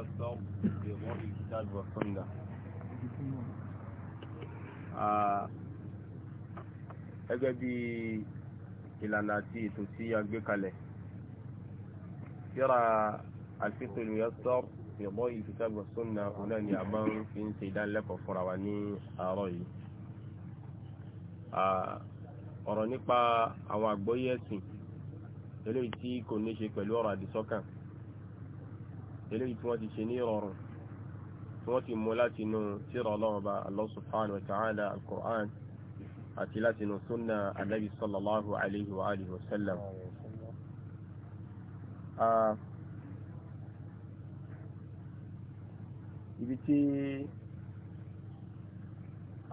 يتمتع بضوء الكتاب والسنة gẹ́gẹ́ bí ìlànà àti ètò tí a gbé kalẹ̀ síra àfihàn yẹ́sọ́ ìbọ́ ìfìtàgbà súnà ọ̀nà ni a máa ń fi ń ṣe ìdánilẹ́kọ̀ọ́ fúnra wa ní àárọ̀ yìí ah, ọ̀rọ̀ nípa àwọn àgbọ́yé ẹ̀sìn eléyìí tí kò ní ṣe pẹ̀lú ọ̀rọ̀ àdìsọ́kàn eléyìí tí wọ́n ti ṣe ní ìrọ̀rùn tí wọ́n ti mú láti inú tírà ọlọ́run bá Allah subhanahu wa ta'ala al-Qur'an àti láti inú súnà anabi sallallahu alayhi wa alihi ibi tí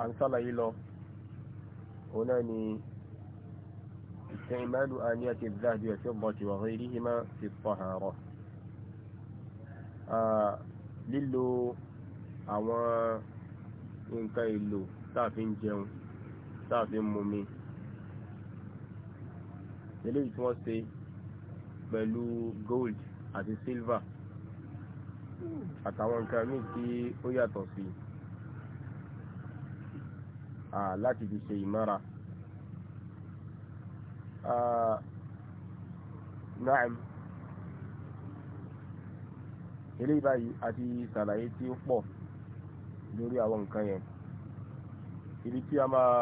à ń sálàyé lọ òun náà ni استعمال آنية الذهب والفضة وغيرهما في الطهارة lílo àwọn nǹkan èlò tààfi ń jẹun tààfi ń mumi eléyìí tí wọ́n ṣe pẹ̀lú gold àti silver àtàwọn nǹkan míì tí ó yàtọ̀ sí láti fi ṣe ìmára naam eléyìí báyìí àti ṣàlàyé tí ó pọ̀ lórí àwọn nǹkan yẹn ibi tí a máa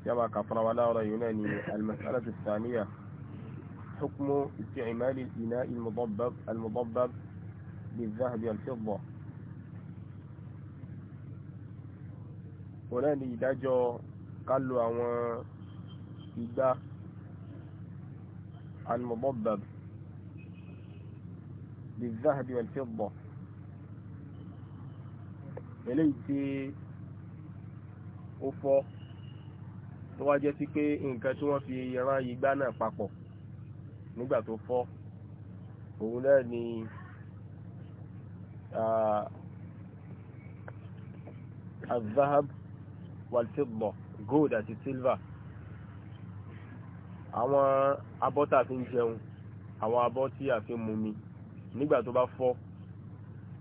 tí a máa kà fúnra wa láwọn yìí náà ni al-mas'alatu ath-thaniya hukmu isti'mali al-ina'i al-mudabbab al-mudabbab bil-dhahabi wal-fidda òun náà ni ìdájọ́ ká lo àwọn igbá al-mudabbab بالذهب والفضة eléyìí tí ó fọ́ tó wá jẹ́ sí pé nǹkan tí wọ́n fi rán igbá náà papọ̀ nígbà tó fọ́ òun náà ni azahab walfidda gold àti silver àwọn abọ́ tá a fi ń jẹun àwọn abọ́ tí a fi ń mumi nígbà tó bá fọ́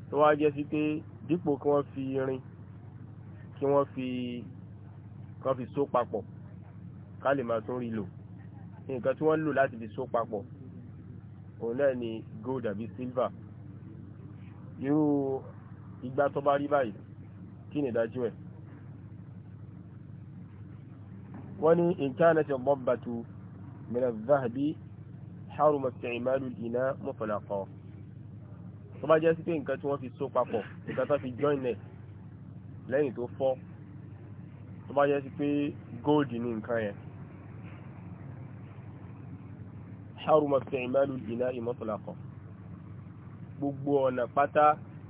tó wá jẹ́ sí pé dípò kí wọ́n fi irin kí wọ́n fi kán fi só papọ̀ ká lè máa tún rí lò nǹkan tí wọ́n lò láti fi só papọ̀ òun náà ni gold àbí silver irú ìgbà tó bá rí báyìí kí ni ìdájú ẹ̀ wọ́n ní ìntánẹ́tì ọ̀bọ̀n bàtú mìíràn záhàbí harumat isti'malu al-ina mutlaqan tó bá jẹ́ sí pé nǹkan tí wọ́n fi so papọ̀ nǹkan tó fi join ẹ̀ lẹ́yìn tó fọ́ tó bá jẹ́ sí pé gold ní nǹkan yẹn haruma isti'malu al-ina'i mutlaqan gbogbo ọ̀nà pátá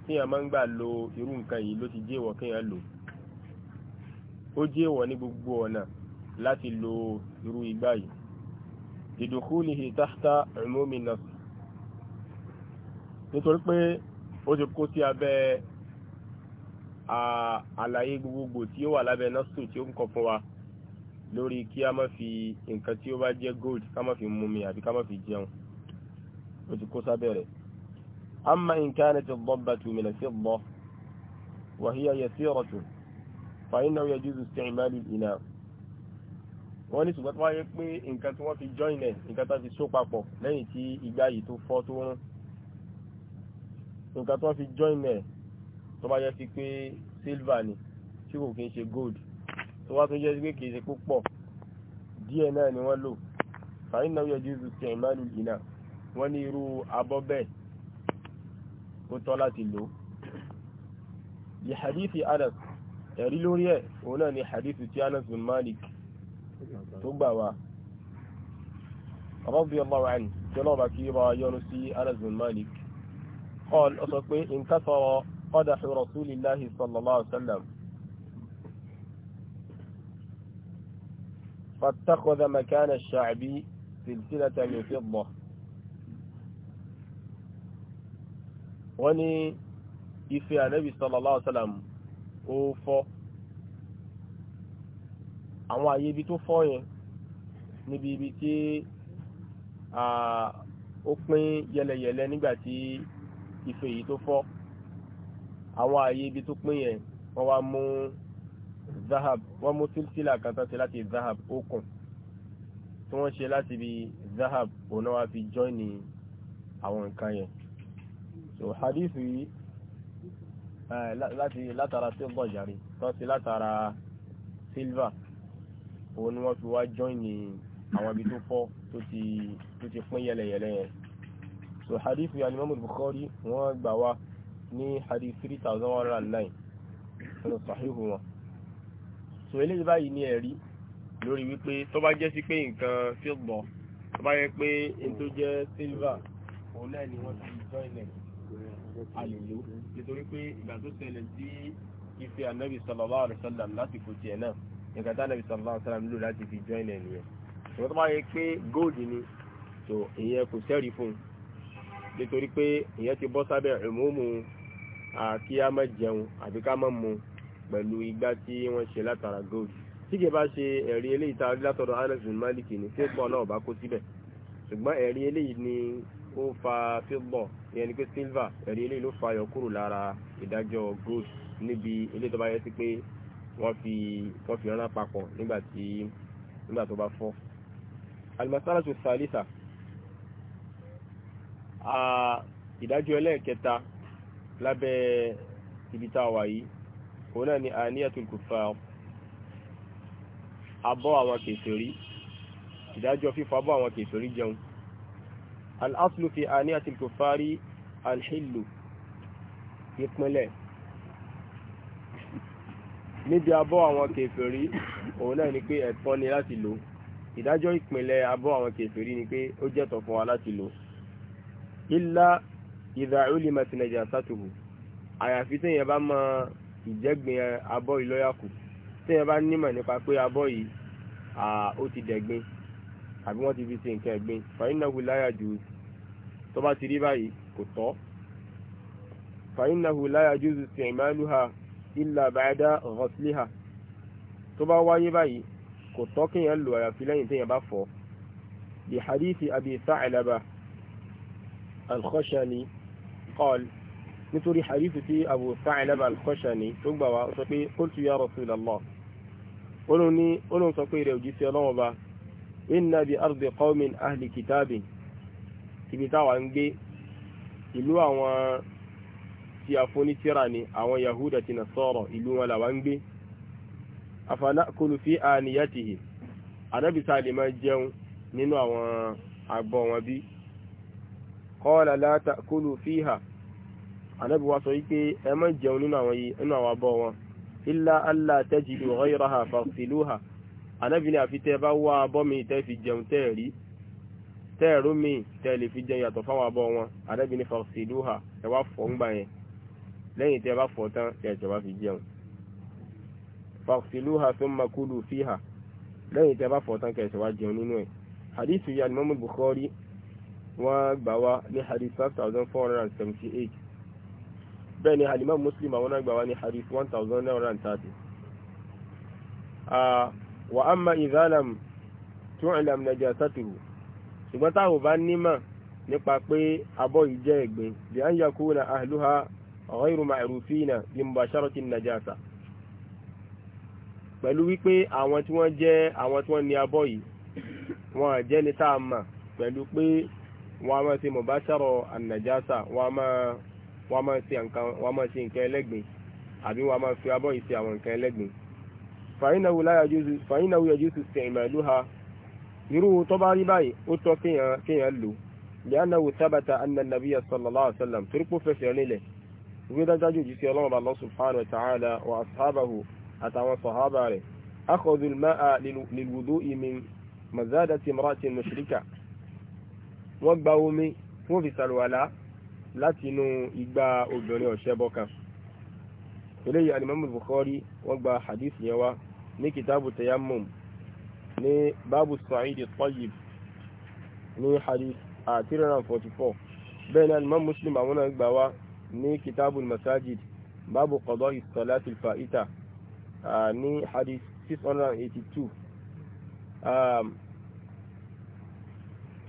tí a máa ń gbà lo irú nǹkan yìí ló ti jẹ́wọ̀ kéèyàn lò ó jẹ́wọ̀ ní gbogbo ọ̀nà láti lo irú igbá yìí ìdòkúlìhì tahta umumi nas nítorí pé ó ti kó sí abẹ́ àlàyé gbogbogbò tí ó wà lábẹ́ nọ́ọ̀sù tí ó ń kọ fún wa lórí kí a má fi nǹkan tí ó bá jẹ́ gold ká má fi mú mi àbí ká má fi jẹun ó ti kó sábẹ́ rẹ̀ amma in kanat ad-dabbatu min al-fidda wa hiya yasiratun fa innahu yajuzu isti'malu al-ina wọ́n ní ṣùgbọ́n tó wáyé pé nǹkan tí wọ́n fi join ẹ̀ nǹkan tó fi só papọ̀ lẹ́yìn tí igbá yìí tó fọ́ tó rún nǹkan tó fi join ẹ̀ tó bá jẹ́ sí pé silver ni tí kò kí ń ṣe gold tó wá tún jẹ́ sí pé kì í ṣe púpọ̀ díẹ̀ náà ni wọ́n lò fàyín náà yọjú ju ti ìmáàlú yìí náà wọ́n ní irú abọ́ bẹ́ẹ̀ ó tọ́ láti lò yìí hadithi Anas ẹ̀rí lórí ẹ̀ òun náà ni hadithi ti Anas bin Malik tó gbà wá radiyallahu anhu tí ọlọ́ọ̀bá kí ó bá yọ́nu sí Anas bin Malik قال أصبح انكسر قدح رسول الله صلى الله عليه وسلم فاتخذ مكان الشعبي سلسلة من فضة wọ́n ní ife ànábì sallallahu alaihi wasallam ó fọ́ àwọn àyè ibi tó fọ́ yẹn níbi ibi tí ó pín yẹlẹyẹlẹ nígbàtí ife yìí tó fọ́ àwọn ààyè ibi tó pín yẹn wọ́n wá mú zahab wọ́n mú sílsílà kan tó ṣe láti zahab okùn tí wọ́n ṣe láti ibi zahab òun náà wá fi jọ́ìnì àwọn nǹkan yẹn so hadith yìí eh, láti látara silver jàre tó ṣe látara silver òun ni wọ́n fi wá jọ́ìnì àwọn ibi tó fọ́ tó ti pín yẹlẹyẹlẹ yẹn so hadith ya alimami bukhari wọ́n gbà wá ní hadith 3109 nínú sahihu wọn so eléyìí báyìí ní ẹ̀rí lórí wípé tó bá jẹ́ sí pé nǹkan fílbọ̀ tó bá yẹ pé n tó jẹ́ silver òun náà ni wọ́n ti join ẹ̀ àlèlò nítorí pé ìgbà tó ṣẹlẹ̀ sí ife anabi sallallahu alaihi wasallam lásìkò tiẹ̀ náà nǹkan tá anabi sallallahu alaihi wasallam lò láti fi join ẹ̀ nìyẹn ìwọ́n tó bá yẹ pé gold ni so ìyẹn kò sẹ́rí fún nítorí pé ìyẹn ti bọ́ sábẹ́ ìmúmu kí a má jẹun àbí ká má mu pẹ̀lú igbá tí wọ́n ṣe látara gold tí kì bá ṣe ẹ̀rí eléyìí tá a rí látọ̀dọ̀ Anas bin Malik ní fífọ́ náà bá kó síbẹ̀ ṣùgbọ́n ẹ̀rí eléyìí ni ó fa fífọ́ ìyẹn ni pé silver ẹ̀rí eléyìí ló fa yọ kúrò lára ìdájọ́ gold níbi eléyìí tó bá yẹ sí pé wọ́n fi wọ́n fi rán papọ̀ nígbà tí nígbà tó bá fọ́. alimasala salisa ìdájọ́ ẹlẹ́ẹ̀kẹta lábẹ́ ibi tá a wà yìí òun náà ni àníyàtul kuffar abọ́ àwọn kèfèrí ìdájọ́ fífọ́ abọ́ àwọn kèfèrí jẹun al-aslu fi àníyàtul kuffari al-hillu ìpínlẹ̀ níbi abọ́ àwọn kèfèrí òun náà ni pé ẹ̀tọ́ ni láti lò ìdájọ́ ìpínlẹ̀ abọ́ àwọn kèfèrí ni pé ó jẹ́tọ̀ fún wa láti lò illa idha ulimat najasatuhu àyàfi téèyàn bá mọ ìjẹ́gbin abọ́ ìlọ́yà kù téèyàn bá nímọ̀ nípa pé abọ́ yìí ó ti dẹ̀gbin àbí wọ́n ti fi ṣe nǹkan ẹ̀gbin fàyínàwó láyà jù tó bá ti rí báyìí kò tọ́ fàyínàwó láyà jù sí ìmáàlúhà illa ba'da tó bá wáyé báyìí kò tọ́ kéèyàn lò àyàfi lẹ́yìn téèyàn bá fọ̀ alkhọ́ṣani qal nítorí hadithu tí abu sa'ilaba alkhọ́ṣani tó gbà wá sọ pé qultu ya rasulallah olóhùn ní olóhùn sọ pé rẹ̀ òjì sí ọlọ́wọ́ bá inna bi ardi qawmin ahli kitabin ibi táwa ń gbé ìlú àwọn tí a fún ní tíra ni àwọn yahuda ti nasara ìlú wọn làwa ń gbé afana kulu fi aniyatihi anabi sáà lè máa jẹun nínú àwọn àgbọ̀ wọn bíi kọ́ọ̀lá látà kúlù fíhà ànábì wa sọ wípé ẹ má jẹun nínú àwọn yìí nínú àwọn abọ́ wọn ilá allá tẹ́jì ìwọ̀n ìrọ̀ ha fàṣìlúhà ànábì ní àfi tẹ́ bá wá abọ́ mi tẹ́ fi jẹun tẹ́ rí tẹ́ẹ̀rú mi tẹ́ lè fi jẹun yàtọ̀ fáwọn abọ́ wọn ànábì ní fàṣìlúhà ẹ wá fọ̀ ń gbà yẹn lẹ́yìn tẹ́ bá fọ̀ tán tẹ́ ẹ̀jọ̀ bá fi jẹun fàṣìlúhà thumma kúlù fíhà lẹ́yìn tẹ́ bá fọ̀ tán kẹ́ ẹ̀ṣẹ̀ wá jẹun nínú ẹ̀ hadithu yà ni mọ́mú wọ́n gbà wá ní hadith five thousand four hundred and seventy eight bẹ́ẹ̀ ni halima muslim àwọn náà gbà wá ní hadith one thousand nine hundred and thirty. wa amma idhalam tu'lam ṣùgbọ́n táwọn bá nímọ̀ nípa pé abọ́ yìí jẹ́ ẹ̀gbin bí an yakuna ahluha ghayru ma'rufina bi mubasharati najasa pẹ̀lú wípé àwọn tí wọ́n jẹ́ àwọn tí wọ́n ní abọ́ yìí wọ́n jẹ́ ní táàmà pẹ̀lú pé wọ́n á máa ṣe mọ̀báṣárọ̀ ànàjásà wọ́n á máa ṣe nǹkan ẹlẹ́gbìn àbí wọ́n á máa fi abọ́ ìṣe àwọn nǹkan ẹlẹ́gbìn. fàyínàwó yẹjú sí sẹ̀mẹ̀ ìlú ha irú tó bá rí báyìí ó tọ́ kéèyàn lò lẹ́yìnáwó sábàtà annanabiya sallallahu torí pò fẹsẹ̀ nílẹ̀ wí dájájú jù sí ọlọ́run bá lọ́sùn wọ́n gba omi wọ́n fi sàlùwàlá láti inú igba obìnrin ọ̀ṣẹ́bọ kan eléyìí alimami bukhari wọ́n gba hadith yẹn wá ní kitabu tayammum ní babu sa'id tayyib ní hadith 344 bẹ́ẹ̀ ni alimami muslim àwọn náà gbà wá ní kitabu masajid babu qada'i salati faita ní hadith 682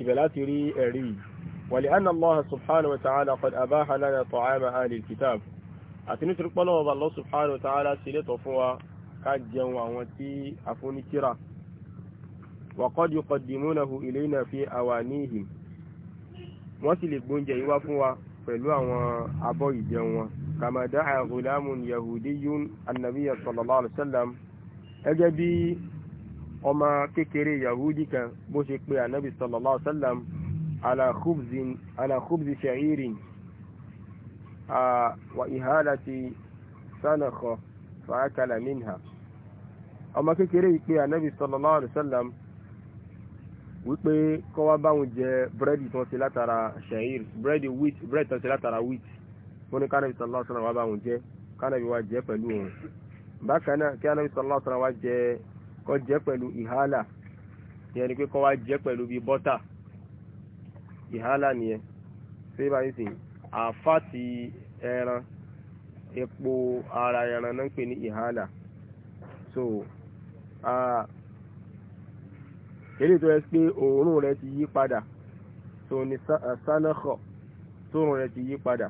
ibẹ̀ láti rí ẹ̀rí wàlí anna allah subhanahu wa ta'ala qad abaha lana ta'ama ahli alkitab àti nítorí pọ́lọ́ ọba allah subhanahu wa ta'ala ṣe lẹ́tọ̀ fún wa ká jẹun àwọn tí a fún ní kíra wa qad yuqaddimunahu ilayna fi awanihim wọ́n sì lè gbóúnjẹ yìí fún wa pẹ̀lú àwọn abọ́ ìjẹun wọn kama da'a ghulamun yahudiyyun annabiya sallallahu alaihi wasallam ẹgẹ́ bí ọmọ kékeré yahudi kan bó ṣe pé anabi sallallahu alaihi wasallam ala khubzi sha'irin wa ihalati sanakọ fàákàlà minha ọmọ kékeré yìí pé anabi sallallahu alaihi wasallam wípé kọ́ wá báwọn jẹ búrẹ́dì tó ń ṣe látara sha'ir búrẹ́dì tó ṣe látara wheat wọ́n ní kánàbí sallallahu alaihi wá báwọn jẹ kọ́ jẹ́ pẹ̀lú ìhálà ìyẹn ni pé kọ́ wá jẹ́ pẹ̀lú bí bọ́tà ìhálà nìyẹn ṣé bá yín sìn àfáàtì ẹran epo ara ẹran náà ń pè ní ìhálà so èyí tó yẹ pé òórùn rẹ ti yí padà so ní sanakhọ tóórùn rẹ ti yí padà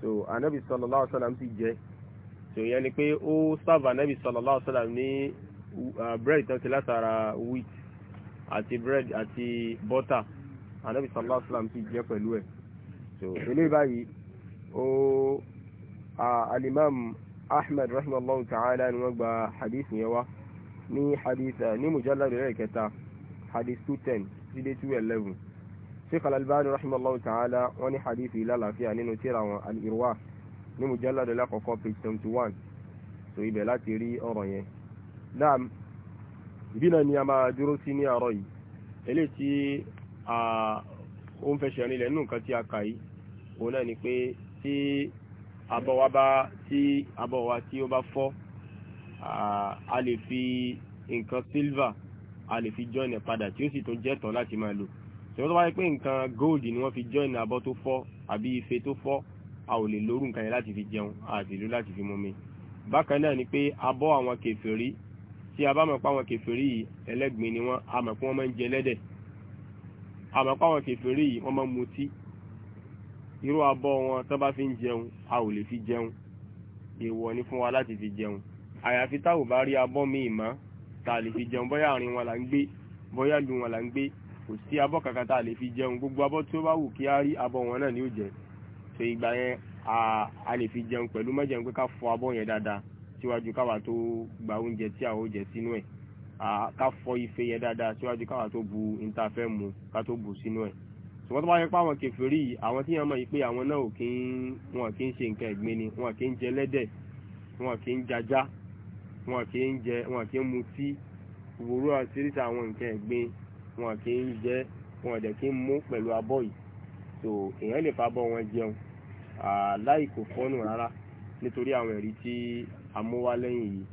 so anabi sallallahu alaihi wasallam ti jẹ so ìyẹn ni pé ó sábà anabi sallallahu alaihi wasallam ní Uh, bread tán ṣe látara wheat àti bread àti butter anabi sallallahu alayhi wa sallam ti jẹ pẹ̀lú ẹ̀ so eléyìí báyìí ó alimam ahmed rahimahullah ta'ala ni wọ́n gba hadith yẹn wá ní hadith eh, ní mujallad rẹ̀ kẹta hadith two ten sí dé two eleven sheikh alalbani rahimahullah ta'ala wọ́n ní hadith yìí lálàáfíà nínú tírà wọn al-irwa ní mujallad rẹ̀ kọ̀kọ́ page seventy one so ibẹ̀ láti rí ọ̀rọ̀ yẹn naam ibi náà ni a máa dúró sí ní àárọ̀ yìí eléyìí tí ó ń fẹsẹ̀ rinlẹ̀ nínú nǹkan tí a kà yìí òun náà ni pé tí abọ́ wa bá tí abọ́ wa tí ó bá fọ́ a lè fi nǹkan silver a lè fi join ẹ̀ padà tí ó sì tún jẹ́tọ̀ láti máa lò ṣùgbọ́n tó bá yẹ pé nǹkan gold ni wọ́n fi join abọ́ tó fọ́ abi ife tó fọ́ a ò lè lórú nǹkan yẹn láti fi jẹun a sì lò láti fi mumi bákan náà ni pé abọ́ àwọn kèfèrí tí a bá mọ̀ pé àwọn kèfèrí yìí ẹlẹ́gbìn ni wọ́n a mọ̀ pé wọ́n máa ń jẹ ẹlẹ́dẹ̀ a mọ̀ pé àwọn kèfèrí yìí wọ́n máa ń mutí irú abọ́ wọn tó bá fi ń jẹun a ò lè fi jẹun èèwọ̀ ni fún wa láti fi jẹun àyàfi tá ò bá rí abọ́ míì mọ́ tá a lè fi jẹun bóyá àárín wọn là ń gbé bóyá lu wọn là ń gbé kò sí abọ́ kankan tá a lè fi jẹun gbogbo abọ́ tí ó bá wù kí á rí abọ́ wọn náà ni ó jẹ so ìgbà yẹn a lè fi jẹun pẹ̀lú mẹ́jẹun pé ká fọ abọ́ yẹn dáadáa síwájú káwa tó gba oúnjẹ tí a ó jẹ sínú ẹ̀ ká fọ ife yẹn dáadáa síwájú káwa tó bu intafẹ́ mu ká tó bu sínú ẹ̀ ṣùgbọ́n tó bá yẹ pé àwọn kẹfìrí àwọn tí yẹn mọ̀ yìí pé àwọn náà ò kí ń wọn kì í ṣe nǹkan ẹ̀gbin ni wọn kì í jẹ lẹ́dẹ̀ wọn kì í jajá wọn kì í jẹ wọn kì í mutí ìwòrò àṣírísà àwọn nǹkan ẹ̀gbin wọn kì í jẹ wọn dẹ̀ kì í mú pẹ̀lú abọ́ yìí so èèyàn lè fa bọ́ wọn jẹun láì kò fọ́nù rárá nítorí àwọn ẹ̀rí tí a mú wá lẹ́yìn yìí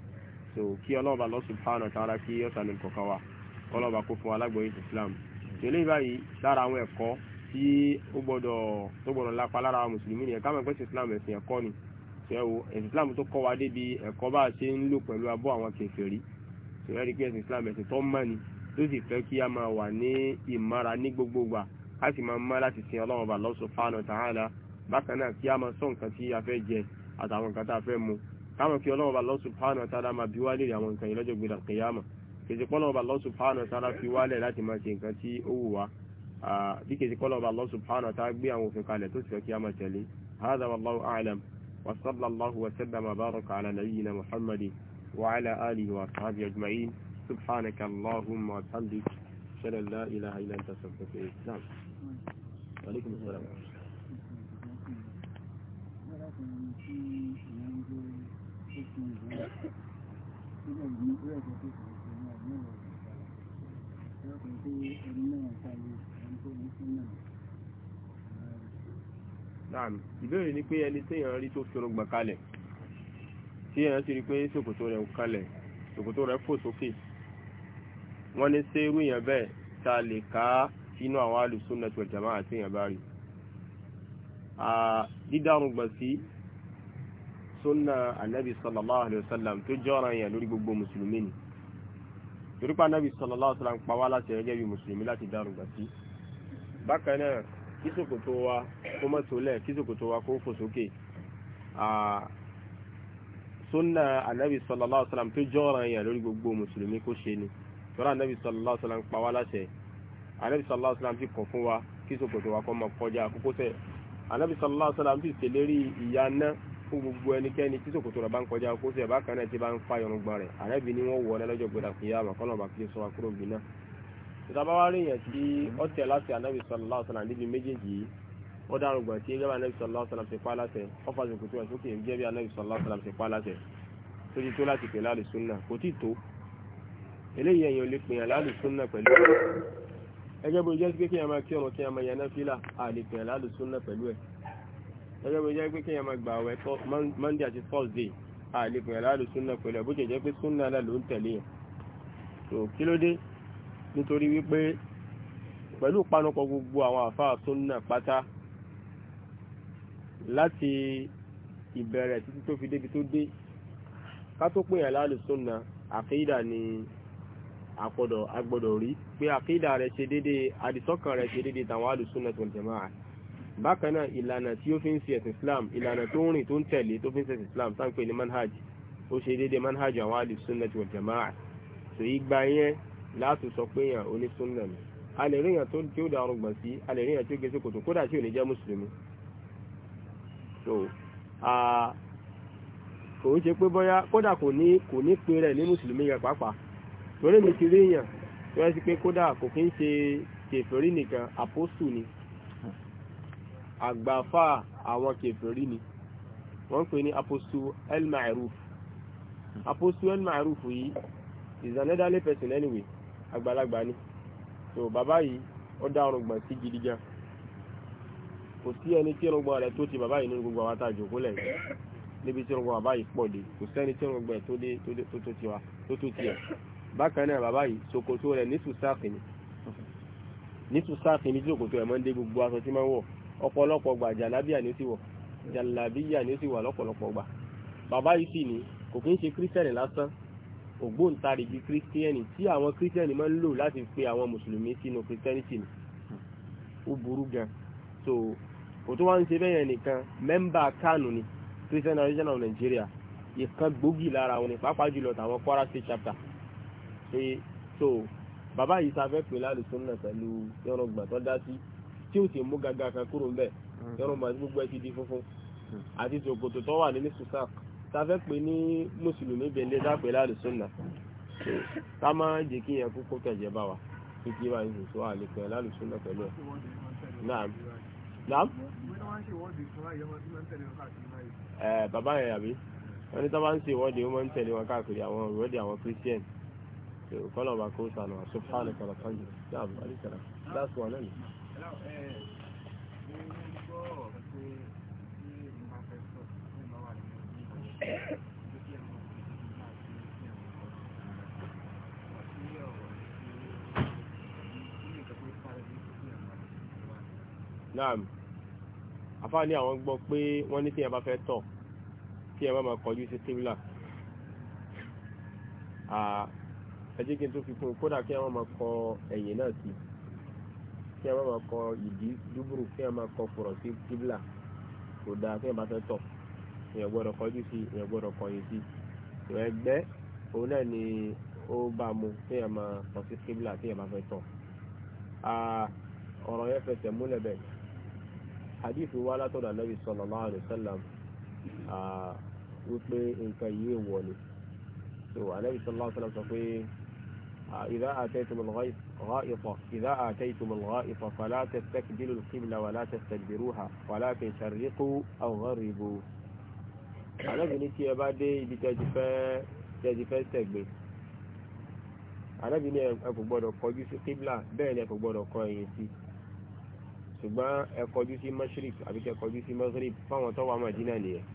so kí ọlọ́ọ̀bà lọ subhanahu wa ta'ala kí ọ̀sán ní kọ̀ọ̀kan wa ọlọ́ọ̀bà kó fún alágbọ̀yé islam tẹ́lẹ̀ báyìí lára àwọn ẹ̀kọ́ tí ó gbọ́dọ̀ tó gbọ́dọ̀ lápá lára àwọn mùsùlùmí nìyẹn káwọn ẹgbẹ́ islam ẹ̀sìn ẹ̀kọ́ ni ṣẹ́wó ẹ̀sìn islam tó kọ́ wa débi ẹ̀kọ́ bá a ṣe ń lò pẹ̀lú abọ́ àwọn kèfèrí ṣẹ́wó rí pé ẹ̀sìn ni tó sì fẹ́ kí a máa wà ní ìmára ní gbogbo gbà a sì máa mọ́ láti sin àtàwọn nǹkan tá a fẹ́ mu káwọn kí ọlọ́wọ́ bá Allah subhanahu wa ta'ala máa bí wá lè àwọn nǹkan ìlọ́jọ́ gbéra kìyàmà kèsì pọ́lọ́wọ́ bá Allah subhanahu wa ta'ala fi wálẹ̀ láti máa ṣe nǹkan tí ó wù wá bí kèsì pọ́lọ́wọ́ bá Allah subhanahu wa gbé àwọn òfin kalẹ̀ tó sì fẹ́ kí a máa tẹ̀lé hadha a'lam wa sallallahu wa sallam wa baraka naam ìbéèrè ni pé ẹni tí èèyàn rí tó fi orun gbà kalẹ̀ tí èèyàn sì rí pé ṣòkòtò rẹ̀ kalẹ̀ ṣòkòtò rẹ̀ fò sókè wọ́n ní ṣé irú èèyàn bẹ́ẹ̀ ta lè ká sínú àwọn alùsùn network jama àti èèyàn bá rí i dídárùngbọ̀n sí sunna anabi sallallahu alayhi wa sallam tó jọ́ra yẹn lórí gbogbo mùsùlùmí ni torí pa sallallahu alayhi wa sallam pa wá láti ẹ̀rẹ́gẹ́ bí mùsùlùmí láti dárùngbọ̀n sí bákan náà kí ṣòkòtò wa kó má tolẹ̀ wa kó sunna anabi sallallahu alayhi wa sallam tó jọ́ra yẹn lórí gbogbo mùsùlùmí kó ṣe ni tọ́lá anabi sallallahu alayhi wa sallam pa wá láṣẹ anabi sallallahu alayhi wa sallam ti kọ̀ fún wa kí ṣòkòtò wa kó má anabi sallallahu alaihi wasallam ti ṣèlérí ìyà náà fún gbogbo ẹnikẹ́ni tí sòkòtò rẹ̀ bá ń kọjá kó sì ẹ̀bá kan náà ti bá ń fa ìrùngbọ̀n rẹ̀ anabi ni wọ́n wọ̀ ọ́ lọ́jọ́ gbọdọ̀ kìyà àmọ́kọ́nà bá fi sọ akúrò bí náà. ìtàbá wa rí yẹn tí ó tẹ̀ láti anabi sallallahu alaihi wasallam níbi méjèèjì yìí ó dá arúgbọ̀n tí ẹgbẹ́ anabi sallallahu alaihi wasallam ti pa láṣẹ ó fa sòkòtò rẹ̀ sókè ẹ̀jẹ̀ bí anabi sallallahu alaihi wasallam ti pa láṣẹ tó ti tó láti pè lálùsùn náà kò tí ẹgẹ́ bó jẹ́ pé kí a máa kírun kí a máa yànnà fílà àlèkè alálùsúnà pẹ̀lú ẹ̀ ẹgẹ́ bó pé kí a máa gbà àwẹ̀ monday àti thursday àlèkè alálùsúnà pẹ̀lú ẹ̀ bó jẹ́ pé súnà náà ló ń tẹ̀lé yẹn tó kí ló dé nítorí wípé pẹ̀lú ìpanupọ̀ gbogbo àwọn àfáà súnà pátá láti ìbẹ̀rẹ̀ títí tó fi débi tó dé ká tó pè yàn lálùsúnà àkídà ni àpọ̀dọ̀ agbọ́dọ̀ rí pé àkídà rẹ̀ ṣe dédé àdìsọ́kàn rẹ̀ ṣe dédé tàwọn alùsúnnah wal jamaa'ah bákan náà ìlànà tí ó fi ń ṣe ẹ̀sìn Islam ìlànà tó ń rìn tó ń tẹ̀lé tó fi ń ṣe ẹ̀sìn Islam tá ń pè ní manhaj ó ṣe dédé manhaj àwọn alùsúnnah wal jamaa'ah tó yí gba yẹn láti sọ pé yàn onísúnnà mi a lè ríyàn tó tí ó darun gbọ̀n sí a ríyàn tí ó gẹ́sẹ̀ kòtò kódà tí ò ní jẹ́ mùsùlùmí kò ń ṣe pé bóyá kódà kò ní pé rẹ̀ ní mùsùlùmí yẹn pàápàá torí mi ti ríyàn tí wọ́n sì pé kódà kò kí ń ṣe kèfèrí nìkan àpọ́sù ni àgbàfà àwọn kèfèrí ni wọ́n pè ní àpọ́sù elmaruf àpọ́sù elmaruf yìí is an elderly person anyway àgbàlagbà ni so bàbá yìí ó dá ọrùngbọ̀n sí gidi gan kò sí ẹni tí ọrùngbọ̀n rẹ̀ tó ti bàbá yìí nínú gbogbo àwọn àtàjò kó lẹ̀ níbi tí ọrùngbọ̀n bàbá yìí pọ̀ dé kò sẹ́ni tí ọrùngbọ̀n tó tó ti wa tó tó ti ẹ̀ bákan náà bàbá yìí ṣòkòtò rẹ̀ ní sùsáàkì ni ní sùsáàkì ni tí ṣòkòtò rẹ̀ máa ń dé gbogbo aṣọ tí máa ń wọ̀ ọ̀pọ̀lọpọ̀ gbà jàlábíà ni ó sì wọ̀ jàlábíà ni ó sì wà lọ́pọ̀lọpọ̀ gbà bàbá yìí sì ni kò kí ń ṣe kírísítẹ̀nì lásán ògbóǹtarìgì kírísítẹ́nì tí àwọn kírísítẹ́nì máa ń lò láti pe àwọn mùsùlùmí sínú kírísítẹ́nìtì ni ó burú so kò tó wá ń ṣe bẹ́yẹn nìkan mẹ́mbà kánù ni Christian Association of Nigeria ìkan gbòógì lára àwọn ní pàápàá jùlọ tàwọn Kwara State chapter pé so bàbá yìí ta fẹ́ pè lálùsọ́nà pẹ̀lú yọrùn gbà tó dá sí tí ó sì mú gàgà kan kúrò ń bẹ̀ hmm. yọrùn gbà gbogbo ẹ ti di funfun hmm. àti ṣòkòtò tó wà nínú sùsàk ta fẹ́ pè ní mùsùlùmí bẹ̀lẹ́ tá pè lálùsọ́nà ká má jẹ́ kí yẹn kúkú kẹ̀jẹ̀ bá wa títí bá yìí tó àlè pẹ̀ lálùsọ́nà pẹ̀lú ẹ̀ naam naam. ẹ eh, bàbá yẹn àbí wọn ní tá bá ń ṣèwọ́de ó máa ń tẹ̀lé wọn káàkiri àwọn ìwọ́de àwọn kírísítẹ́nì so kọ́lọ̀ bá kó sànù wa subhanahu wa ta'ala náà bá rí kàrà láti wà lẹ́nu. naam àfáà ní àwọn gbọ́ pé wọ́n ní tí ẹ bá fẹ́ tọ̀ tí ẹ bá máa kọjú sí tíbílà ẹjẹ́ kí n tó fi kún un kódà kí wọ́n máa kọ ẹ̀yìn náà sí kí wọ́n máa kọ ìdí dúbùrù kí wọ́n máa kọ fọ̀rọ̀ sí kíbla kò dáa kí wọ́n bá fẹ́ tọ̀ èèyàn gbọ́dọ̀ kọjú sí èèyàn gbọ́dọ̀ kọyìn sí ẹgbẹ́ òun náà ni ó bá mu kí wọ́n máa kọ sí kíbla kí wọ́n bá fẹ́ tọ̀ ọ̀rọ̀ yẹn fẹsẹ̀ múlẹ̀ bẹ́ẹ̀ hadith wa látọ̀dọ̀ anabi sallallahu alayhi wa sallam wípé nǹkan yìí wọ̀ so anabi sallallahu alayhi wa sọ pé. إذا أتيتم الغائط إذا أتيتم الغائط فلا تستقبلوا القبلة ولا تستدبروها ولكن شرقوا أو غربوا Ànábì ní tí ẹ bá dé ibi tẹ́jú fẹ́ tẹ̀gbẹ́ Ànábì ní ẹ kò gbọ́dọ̀ kọjú sí kíblà bẹ́ẹ̀ ni ẹ kò gbọ́dọ̀ kọ ẹ̀yìn sí ṣùgbọ́n ẹ kọjú sí mashrik àbíkẹ́ kọjú sí maghrib fáwọn tó wà Mádínà nìyẹn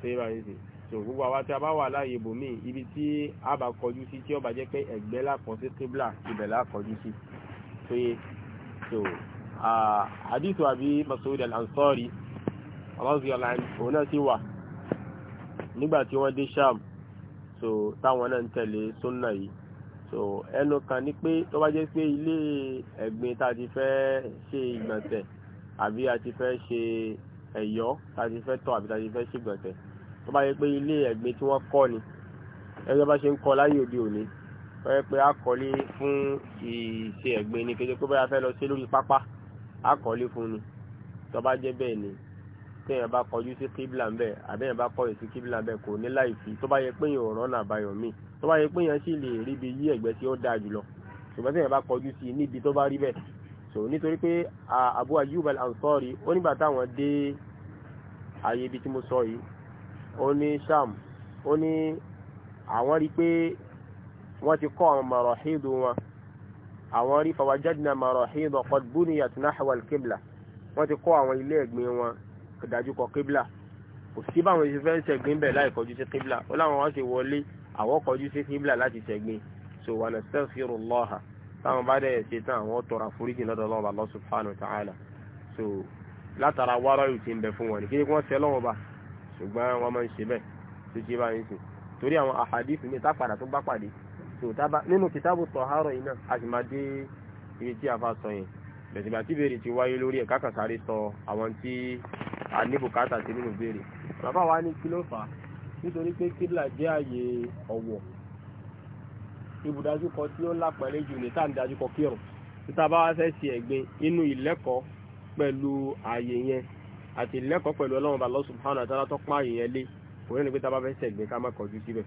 tó yẹ bá ń sè so gbogbo àwa tí a bá wà láàyè bòmí ibi tí a bá kọjú sí tí ó bá jẹ́ pé ẹ̀gbẹ́ lákan sí kíblà ibẹ̀ lákọjú sí so yé so hadith àbí Mas'ud al-Ansari radiyallahu anhu òun náà sì wà nígbà tí wọ́n dé Sham so táwọn náà ń tẹ̀lé sunna yìí so ẹnu kan ní pé tó bá jẹ́ pé ilé ẹ̀gbin tá a ti fẹ́ ṣe ìgbọ̀nsẹ̀ àbí a ti fẹ́ ṣe ẹ̀yọ́ tá a ti fẹ́ tọ̀ àbí tá a ti fẹ́ ṣègbọ̀nsẹ̀ tó bá yẹ pé ilé ẹ̀gbẹ́ tí wọ́n kọ́ ni ẹgbẹ́ bá ṣe ń kọ́ láyé òde òní tó yẹ pé akọ́lé fún ìṣe ẹ̀gbẹ́ ni kété pé bá fẹ́ lọ sí lórí pápá akọ́lé fún ni tó bá jẹ́ bẹ́ẹ̀ ni téèyàn bá kọjú sí kíbla ńbẹ àbẹ́yàn bá kọyìn sí kíbla ńbẹ kò ní láìsí tó bá yẹ pé yẹn ò rọ́nà àbáyọ tó bá yẹ pé yẹn sì lè ríbi yí ẹ̀gbẹ́ tí ó dáa jùlọ ṣùgbọ́n téèyàn bá kọjú sí níbi tó bá rí bẹ́ẹ̀ so nítorí pé Abu Ayyub al-Ansari ó nígbà táwọn dé ààyè ibi tí mo sọ yìí ó ní sham ó ní àwọn rí pé wọ́n ti kọ́ àwọn marahidu wọn àwọn rí fawajadna marahidu qad buniyat nahwa al-qibla wọ́n ti kọ́ àwọn ilé ẹ̀gbin wọn dájú kọ qibla kò sí báwọn ṣe fẹ́ ṣẹ̀gbìn bẹ̀ láì kọjú sí qibla ó láwọn wọ́n ṣe wọlé àwọn kọjú sí qibla láti ṣẹ̀gbìn so wa nastaghfirullah táwọn bá dẹ̀ ṣe tán àwọn tọrọ àforíjì lọ́dọ̀ lọ́wọ́ Allah subhanahu wa ta'ala so látara wárọ̀ yìí ti ń bẹ fún wọn ní kí ni wọ́n ṣe lọ́wọ́ bá ṣùgbọ́n wọ́n máa ń ṣe bẹ́ẹ̀ tó ṣe bá yín sùn torí àwọn àhàdíìsì mi tápàdà tó bá pàdé tó tábà nínú kìtàbù tọ̀hárọ̀ yìí náà a sì máa dé ibi tí a fa sọ yẹn bẹ̀sìgbà tí béèrè ti wáyé lórí ẹ̀ kákan sáré sọ àwọn tí a ní bùkátà sí nínú béèrè bàbá wa ní kí ló fà á nítorí pé kíbla jẹ́ àyè ọ̀wọ̀ ibùdájúkọ tí ó lápẹ̀rẹ̀ jù ní táà kírun títa bá wá fẹ́ ṣe ẹ̀gbin inú ìlẹ́kọ̀ọ́ pẹ̀lú àyè yẹn àti lẹ́kọ̀ọ́ pẹ̀lú ọlọ́run bá Allah subhanahu wa ta'ala tó pọ́n àyè yẹn lé òun ní pé tá a bá fẹ́ sẹ̀gbẹ́ ká má kọjú síbẹ̀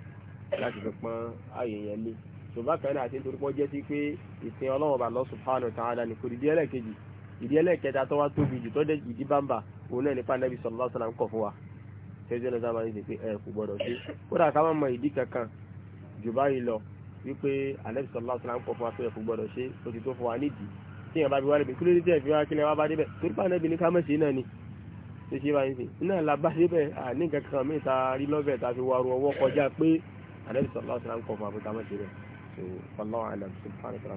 láti fi pọ́n àyè lé ṣùgbọ́n kan àti nítorí pọ́n jẹ́ sí pé ìsìn ọlọ́run bá Allah subhanahu wa ta'ala ní kò ìdí ẹlẹ́ẹ̀kejì ìdí ẹlẹ́ẹ̀kẹta tó wá tóbi jù tó dé ìdí bámbà òun náà nípa nàbì sallallahu alaihi wasallam ń kọ̀ fún wa tẹ́jọ́ náà sábà ń ṣe pé ẹ kò gbọ́dọ̀ ṣe kódà ká má mọ ìdí kankan jù báyìí lọ wípé ànábì sallallahu alaihi wasallam ń kọ̀ ṣe ṣe báyìí sí iná làbá síbẹ̀ àní kankan mi ta rí lọ́bẹ̀ ta fi wàrú ọwọ́ kọjá pé àdébí sọ̀rọ̀ láti ránkọ̀ fún àbúta mọ́ síbẹ̀ so wallahu a'lam subhanahu wa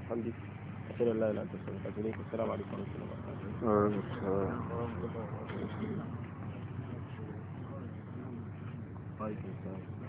ta'ala ṣẹlẹ̀